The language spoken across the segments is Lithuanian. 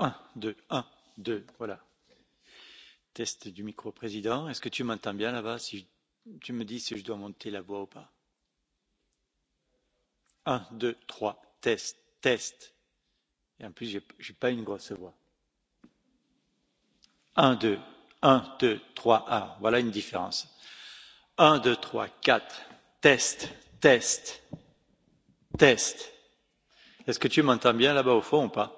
Un, deux, un, deux, voilà. Test du micro président. Est-ce que tu m'entends bien là-bas si tu me dis si je dois monter la voix ou pas Un, deux, trois, test, test. Et en plus, je n'ai pas une grosse voix. Un, deux, un, deux, trois, un. Voilà une différence. Un, deux, trois, quatre. Test, test, test. Est-ce que tu m'entends bien là-bas au fond ou pas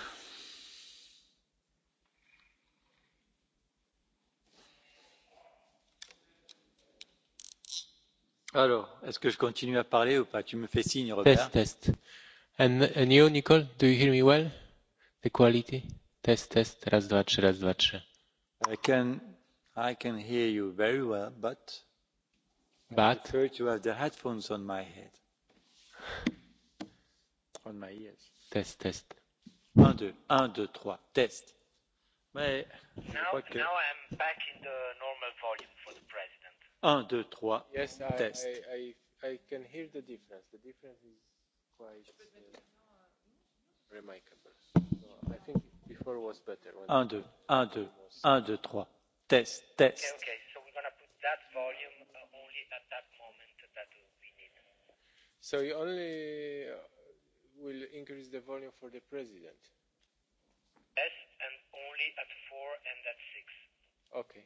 Alors, est-ce que je continue à parler ou pas Tu me fais signe, Robert. Test, test. And, and you, Nicole, do you hear me well? The quality? Test, test. Raz, dwa, trzy, raz, dwa, trzy. I can, I can hear you very well, but, but I prefer to have the headphones on my head. On my ears. Test, test. Un, deux, un, deux, trois. Test. Mais je now, crois que... now I'm back in the normal volume. 1, 2, 3, yes, test. I, I, I can hear the difference. The difference is quite uh, remarkable. So I think before was better. 1, 2, 1, 2, 1, 2, 3, test, test. Okay, okay. so we're going to put that volume uh, only at that moment that we need. So you only uh, will increase the volume for the president? Yes, and only at 4 and at 6. Okay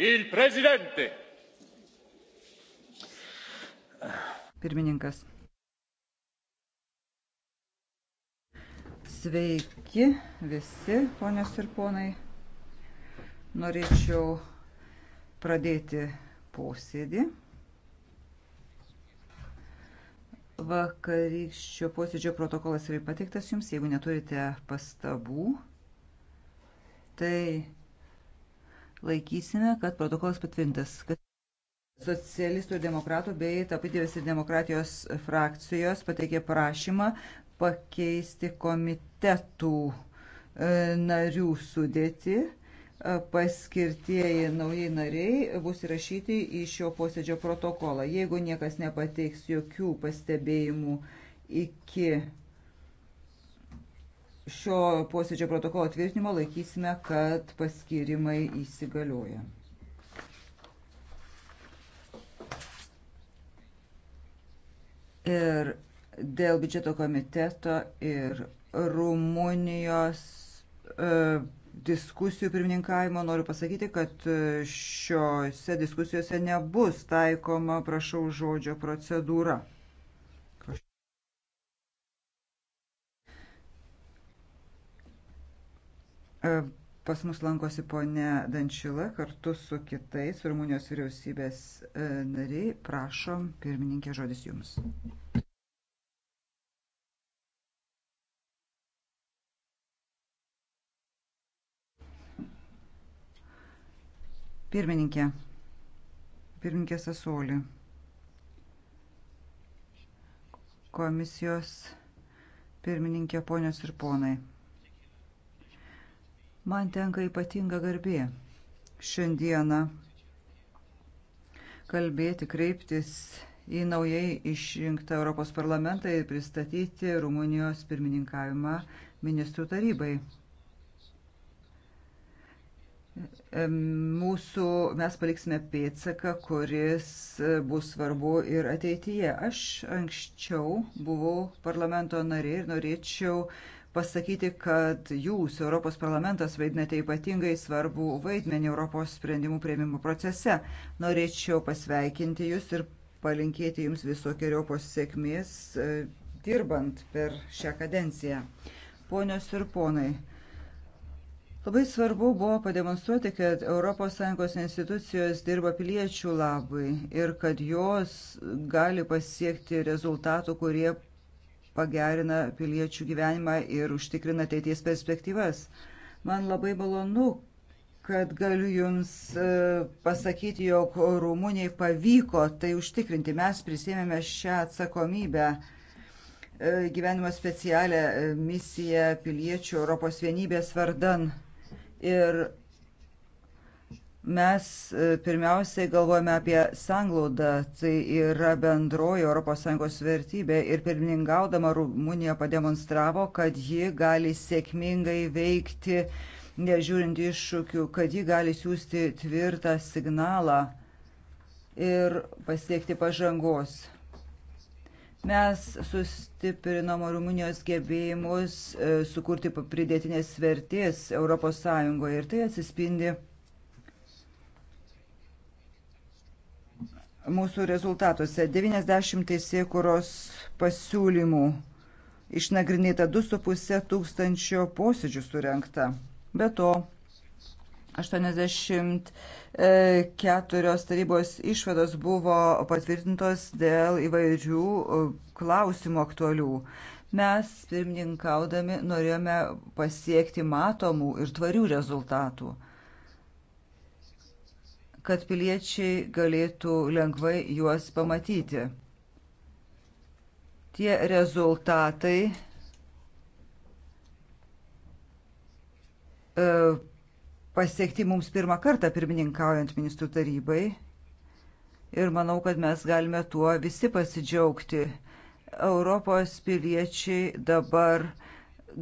Il presidente. Pirmininkas. Sveiki visi, ponios ir ponai. Norėčiau pradėti posėdį. Vakarykščio posėdžio protokolas yra pateiktas jums, jeigu neturite pastabų, tai laikysime, kad protokolas patvirtintas. Socialistų ir demokratų bei tapatybės ir demokratijos frakcijos pateikė prašymą pakeisti komitetų e, narių sudėti. E, paskirtieji nauji nariai bus įrašyti į šio posėdžio protokolą. Jeigu niekas nepateiks jokių pastebėjimų iki šio posėdžio protokolo tvirtinimo laikysime, kad paskirimai įsigalioja. Ir dėl biudžeto komiteto ir Rumunijos e, diskusijų pirmininkavimo noriu pasakyti, kad e, šiuose diskusijose nebus taikoma, prašau, žodžio procedūra. E, pas mus lankosi ponia Dančila kartu su kitais Rumunijos vyriausybės e, nariai. Prašom, pirmininkė, žodis jums. Pirmininkė. Pirmininkė Sasoli. Komisijos pirmininkė ponios ir ponai. Man tenka ypatinga garbė šiandieną kalbėti, kreiptis į naujai išrinktą Europos parlamentą ir pristatyti Rumunijos pirmininkavimą ministrų tarybai. Mūsų, mes paliksime pėtsaką, kuris e, bus svarbu ir ateityje. Aš anksčiau buvau parlamento narė ir norėčiau uh, pasakyti, kad jūs, Europos parlamentas, vaidinate ypatingai svarbų vaidmenį Europos sprendimų prieimimų procese. Norėčiau pasveikinti jūs ir palinkėti jums visokiojopos sėkmės e, dirbant per šią kadenciją. Ponios ir ponai, Labai svarbu buvo pademonstruoti, kad ES institucijos dirba piliečių labui ir kad jos gali pasiekti rezultatų, kurie pagerina piliečių gyvenimą ir užtikrina ateities perspektyvas. Man labai malonu, kad galiu Jums e, pasakyti, jog Rumunijai pavyko tai užtikrinti. Mes prisėmėme šią atsakomybę e, gyvenimo specialią e, misiją piliečių Europos vienybės vardan. Ir mes e, pirmiausiai galvojame apie sanglaudą, tai yra bendroji ES vertybė ir pirmininkaudama Rumunija pademonstravo, kad ji gali sėkmingai veikti, nežiūrint iššūkių, kad ji gali siūsti tvirtą signalą ir pasiekti pažangos. Mes sustiprinom Rumunijos gebėjimus e, sukurti pridėtinės vertės ES ir tai atsispindi mūsų rezultatuose. 90 teisėkuros pasiūlymų išnagrinėta 2,5 tūkstančio posėdžių surenkta. Be to, 84 e, tarybos išvados buvo patvirtintos dėl įvairių e, klausimų aktualių. Mes, pirmininkaudami, norėjome pasiekti matomų ir tvarių rezultatų kad piliečiai galėtų lengvai juos pamatyti. Tie rezultatai e, pasiekti mums pirmą kartą pirmininkaujant ministrų tarybai ir manau, kad mes galime tuo visi pasidžiaugti. Europos piliečiai dabar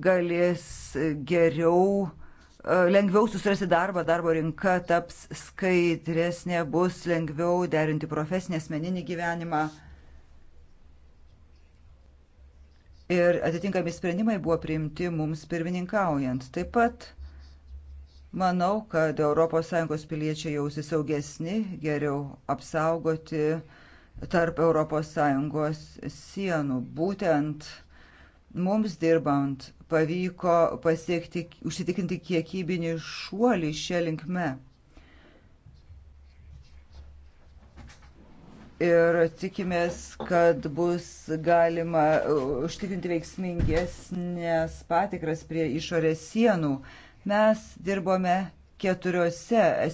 galės geriau lengviau susirasti darbą, darbo rinka taps skaidresnė, bus lengviau derinti profesinį asmeninį gyvenimą. Ir atitinkami sprendimai buvo priimti mums pirmininkaujant. Taip pat manau, kad ES piliečiai jausi saugesni, geriau apsaugoti tarp ES sienų. Būtent mums dirbant pavyko pasiekti, užsitikinti kiekybinį šuolį šią linkme. ir tikimės, kad bus galima uh, užtikrinti veiksmingesnės patikras prie išorės sienų. Mes dirbome keturiose